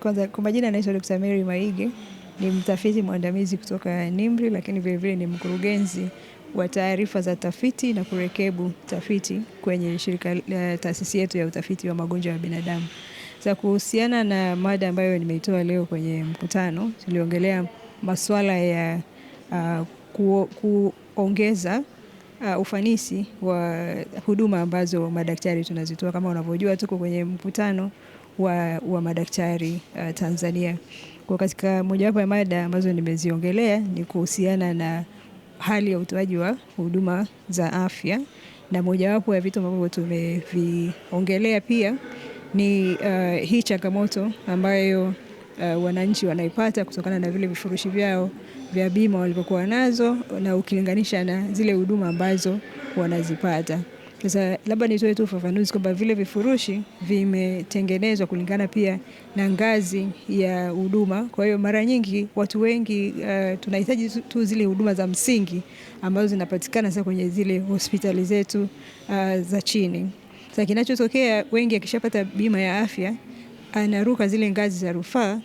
Kwanza kwa majina naitwa Dr. Mary Maige, ni mtafiti mwandamizi kutoka nimri lakini vilevile ni mkurugenzi wa taarifa za tafiti na kurekebu tafiti kwenye shirika la eh, taasisi yetu ya utafiti wa magonjwa ya binadamu. Sasa kuhusiana na mada ambayo nimeitoa leo kwenye mkutano, tuliongelea masuala ya uh, ah, ku, kuongeza Uh, ufanisi wa huduma ambazo madaktari tunazitoa. Kama unavyojua, tuko kwenye mkutano wa, wa madaktari uh, Tanzania. Kwa katika mojawapo ya mada ambazo nimeziongelea ni kuhusiana na hali ya utoaji wa huduma za afya, na mojawapo ya vitu ambavyo tumeviongelea pia ni uh, hii changamoto ambayo uh, wananchi wanaipata kutokana na vile vifurushi vyao vya bima walivyokuwa nazo na ukilinganisha na zile huduma ambazo wanazipata. Sasa labda nitoe tu ufafanuzi kwamba vile vifurushi vimetengenezwa kulingana pia na ngazi ya huduma. Kwa hiyo mara nyingi watu wengi uh, tunahitaji tu zile huduma za msingi ambazo zinapatikana sasa kwenye zile hospitali zetu uh, za chini. Sasa kinachotokea, wengi akishapata bima ya afya anaruka zile ngazi za rufaa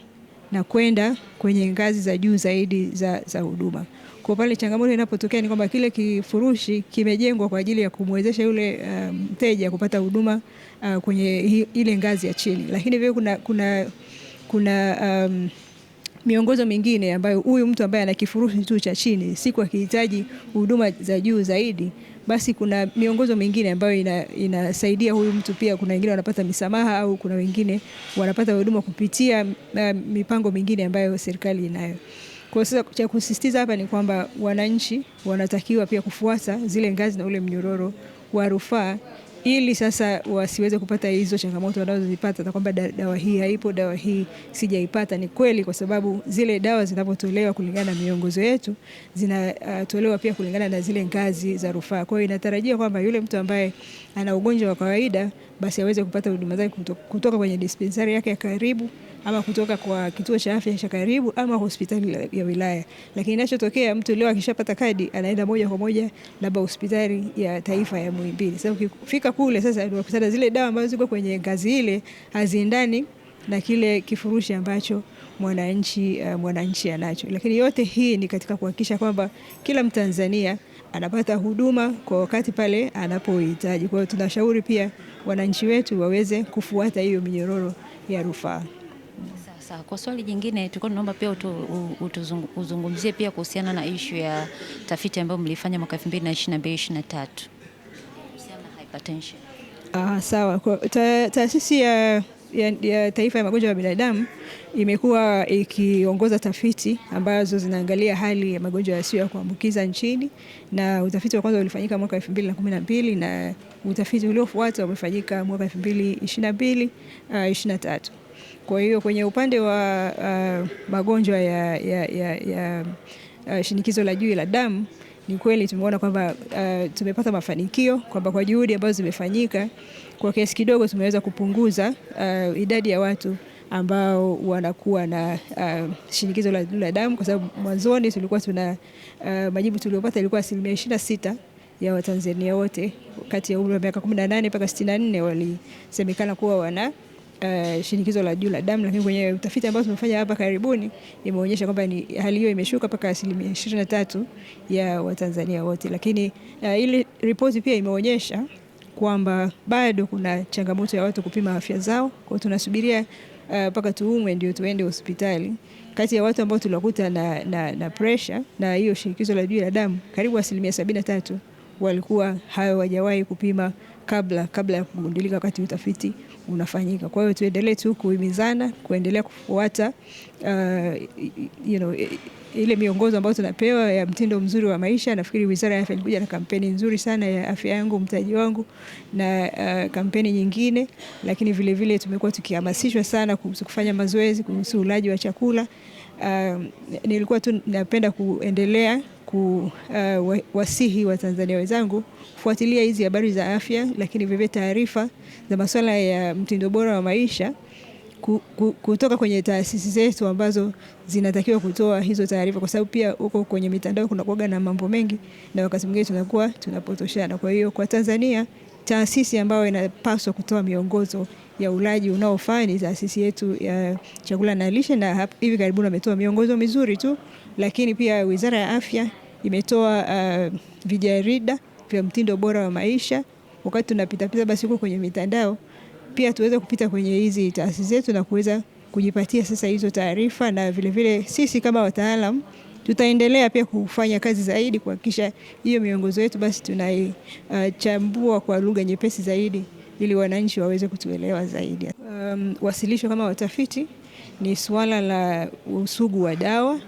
na kwenda kwenye ngazi za juu zaidi za huduma. Kwa pale changamoto inapotokea ni kwamba kile kifurushi kimejengwa kwa ajili ya kumwezesha yule eh, mteja um, kupata huduma uh, kwenye hi, ile ngazi ya chini, lakini vile kuna, kuna, kuna um, miongozo mingine ambayo huyu mtu ambaye ana kifurushi tu cha chini siku akihitaji huduma za juu zaidi, basi kuna miongozo mingine ambayo ina, inasaidia huyu mtu pia. Kuna wengine wanapata misamaha au kuna wengine wanapata huduma kupitia uh, mipango mingine ambayo serikali inayo. Kwa sasa cha kusisitiza hapa ni kwamba wananchi wanatakiwa pia kufuata zile ngazi na ule mnyororo wa rufaa ili sasa wasiweze kupata hizo changamoto wanazozipata, na kwamba dawa hii haipo, dawa hii sijaipata. Ni kweli, kwa sababu zile dawa zinapotolewa kulingana na miongozo yetu zinatolewa uh, pia kulingana na zile ngazi za rufaa. Kwa hiyo inatarajiwa kwamba yule mtu ambaye ana ugonjwa wa kawaida basi aweze kupata huduma zake kutoka kwenye dispensari yake ya karibu ama kutoka kwa kituo cha afya cha karibu ama hospitali ya wilaya. Lakini inachotokea mtu leo akishapata kadi anaenda moja kwa moja labda hospitali ya taifa ya Muhimbili. Sasa ukifika kule sasa unakutana zile dawa ambazo ziko kwenye ngazi ile haziendani na kile kifurushi ambacho mwananchi uh, mwananchi anacho. Lakini yote hii ni katika kuhakikisha kwamba kila Mtanzania anapata huduma kwa wakati pale anapohitaji. Kwa hiyo tunashauri pia wananchi wetu waweze kufuata hiyo minyororo ya rufaa. Sasa kwa swali jingine tulikuwa tunaomba pia utu, utu, uzungumzie pia kuhusiana na ishu ya tafiti ambayo mlifanya mwaka 2022 2023 kuhusiana na hypertension. Ah, sawa. Taasisi ya ya, ya taifa ya magonjwa ya binadamu imekuwa ikiongoza tafiti ambazo zinaangalia hali ya magonjwa yasiyo ya kuambukiza nchini, na utafiti wa kwanza ulifanyika mwaka 2012 na na utafiti uliofuata umefanyika mwaka 2022 uh, 23. Kwa hiyo kwenye upande wa uh, magonjwa ya, ya, ya, ya uh, shinikizo la juu la damu ni kweli tumeona kwamba uh, tumepata mafanikio kwamba kwa juhudi ambazo zimefanyika kwa kiasi kidogo tumeweza kupunguza uh, idadi ya watu ambao wanakuwa na uh, shinikizo la juu la damu, kwa sababu mwanzoni tulikuwa tuna uh, majibu tuliopata ilikuwa asilimia ishirini na sita ya Watanzania wote kati ya umri wa miaka 18 mpaka 64 walisemekana kuwa wana uh, shinikizo la juu la damu, lakini kwenye utafiti ambao tumefanya hapa karibuni imeonyesha kwamba ni hali hiyo imeshuka mpaka asilimia 23 ya Watanzania wote, lakini uh, eh, ile ripoti pia imeonyesha kwamba bado kuna changamoto ya watu kupima afya zao. Kwa hiyo tunasubiria eh, mpaka uh, tuumwe ndio tuende hospitali. Kati ya watu ambao tuliwakuta na, na, na pressure na hiyo shinikizo la juu la damu karibu asilimia 73 walikuwa wajawahi kupima kabla kabla ya kugundulika wakati utafiti unafanyika. Kwa hiyo tuendelee tu kuhimizana kuendelea kufuata uh, you know, ile miongozo ambayo tunapewa ya mtindo mzuri wa maisha. Nafikiri Wizara ya Afya ilikuja na kampeni nzuri sana ya afya yangu mtaji wangu na uh, kampeni nyingine, lakini vilevile tumekuwa tukihamasishwa sana kuhusu kufanya mazoezi, kuhusu ulaji wa chakula. Uh, nilikuwa tu napenda kuendelea kuwasihi uh, Watanzania wenzangu kufuatilia hizi habari za afya, lakini vivyo taarifa za masuala ya mtindo bora wa maisha kutoka kwenye taasisi zetu ambazo zinatakiwa kutoa hizo taarifa, kwa sababu pia huko kwenye mitandao kuna kuaga na mambo mengi, na wakati mwingine tunakuwa tunapotoshana. Kwa hiyo kwa Tanzania, taasisi ambayo inapaswa kutoa miongozo ya ulaji unaofaa ni taasisi yetu ya chakula na lishe, na hivi karibuni wametoa miongozo mizuri tu, lakini pia Wizara ya Afya imetoa uh, vijarida vya mtindo bora wa maisha. Wakati tunapitapita basi huko kwenye mitandao pia tuweze kupita kwenye hizi taasisi zetu na kuweza kujipatia sasa hizo taarifa, na vilevile vile, sisi kama wataalam tutaendelea pia kufanya kazi zaidi kuhakikisha hiyo miongozo yetu basi tunaichambua eh, uh, kwa lugha nyepesi zaidi ili wananchi waweze kutuelewa zaidi. Um, wasilisho kama watafiti ni suala la usugu wa dawa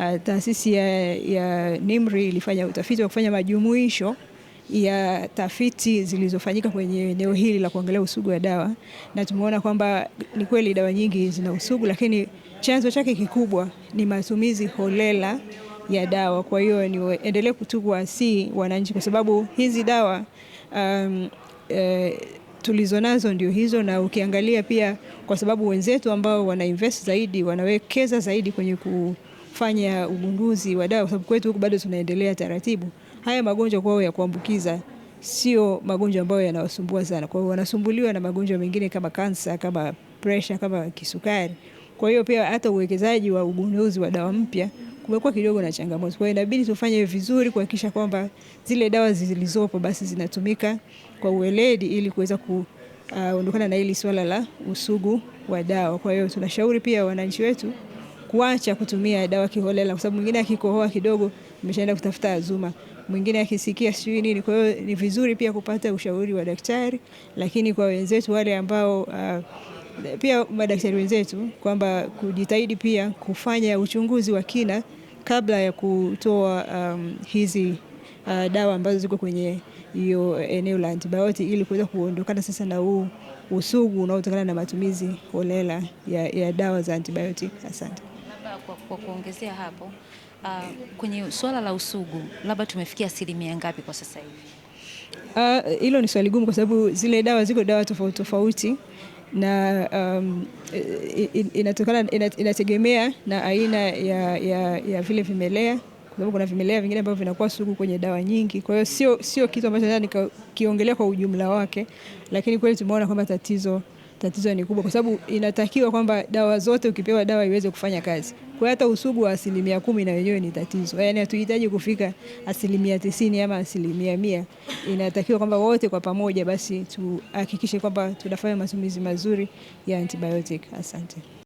Uh, taasisi ya, ya NIMRI ilifanya utafiti wa kufanya majumuisho ya tafiti zilizofanyika kwenye eneo hili la kuangalia usugu wa dawa, na tumeona kwamba ni kweli dawa nyingi zina usugu, lakini chanzo chake kikubwa ni matumizi holela ya dawa. Kwa hiyo niendelee tu si wananchi, kwa sababu hizi dawa um, e, tulizo nazo ndio hizo, na ukiangalia pia, kwa sababu wenzetu ambao invest zaidi wanawekeza zaidi kwenye ku kufanya ugunduzi wa dawa, kwa sababu kwetu huku bado tunaendelea taratibu. Haya magonjwa kwao ya kuambukiza sio magonjwa ambayo yanawasumbua sana, kwa hiyo wanasumbuliwa na magonjwa mengine kama kansa, kama presha, kama kisukari. Kwa hiyo pia hata uwekezaji wa ugunduzi wa dawa mpya kumekuwa kidogo na changamoto. Kwa hiyo inabidi tufanye vizuri kuhakikisha kwamba zile dawa zilizopo basi zinatumika kwa uweledi ili kuweza kuondokana uh, na hili swala la usugu wa dawa. Kwa hiyo tunashauri pia wananchi wetu kuacha kutumia dawa kiholela, kwa sababu mwingine akikohoa kidogo ameshaenda kutafuta azuma, mwingine akisikia sijui nini. Kwa hiyo ni vizuri pia kupata ushauri wa daktari, lakini kwa wenzetu wale ambao uh, pia madaktari wenzetu kwamba kujitahidi pia kufanya uchunguzi wa kina kabla ya kutoa um, hizi uh, dawa ambazo ziko kwenye hiyo eneo la antibiotic ili kuweza kuondokana sasa na huu usugu unaotokana na matumizi holela ya, ya dawa za antibiotic. Asante kwa, kwa kuongezea hapo uh, kwenye swala la usugu labda tumefikia asilimia ngapi kwa sasa hivi? Uh, hilo uh, ni swali gumu kwa sababu zile dawa ziko dawa tofauti tofauti na um, inatokana inategemea na aina ya, ya, ya vile vimelea kwa sababu kuna vimelea vingine ambavyo vinakuwa sugu kwenye dawa nyingi. Kwa hiyo sio, sio kitu ambacho naweza nikakiongelea kwa ujumla wake, lakini kweli tumeona kwamba tatizo tatizo ni kubwa, kwa sababu inatakiwa kwamba dawa zote, ukipewa dawa iweze kufanya kazi. Kwa hata usugu wa asilimia kumi na wenyewe ni tatizo, yaani hatuhitaji kufika asilimia tisini ama asilimia mia. Inatakiwa kwamba wote kwa pamoja basi tuhakikishe kwamba tunafanya matumizi mazuri ya antibiotic. Asante.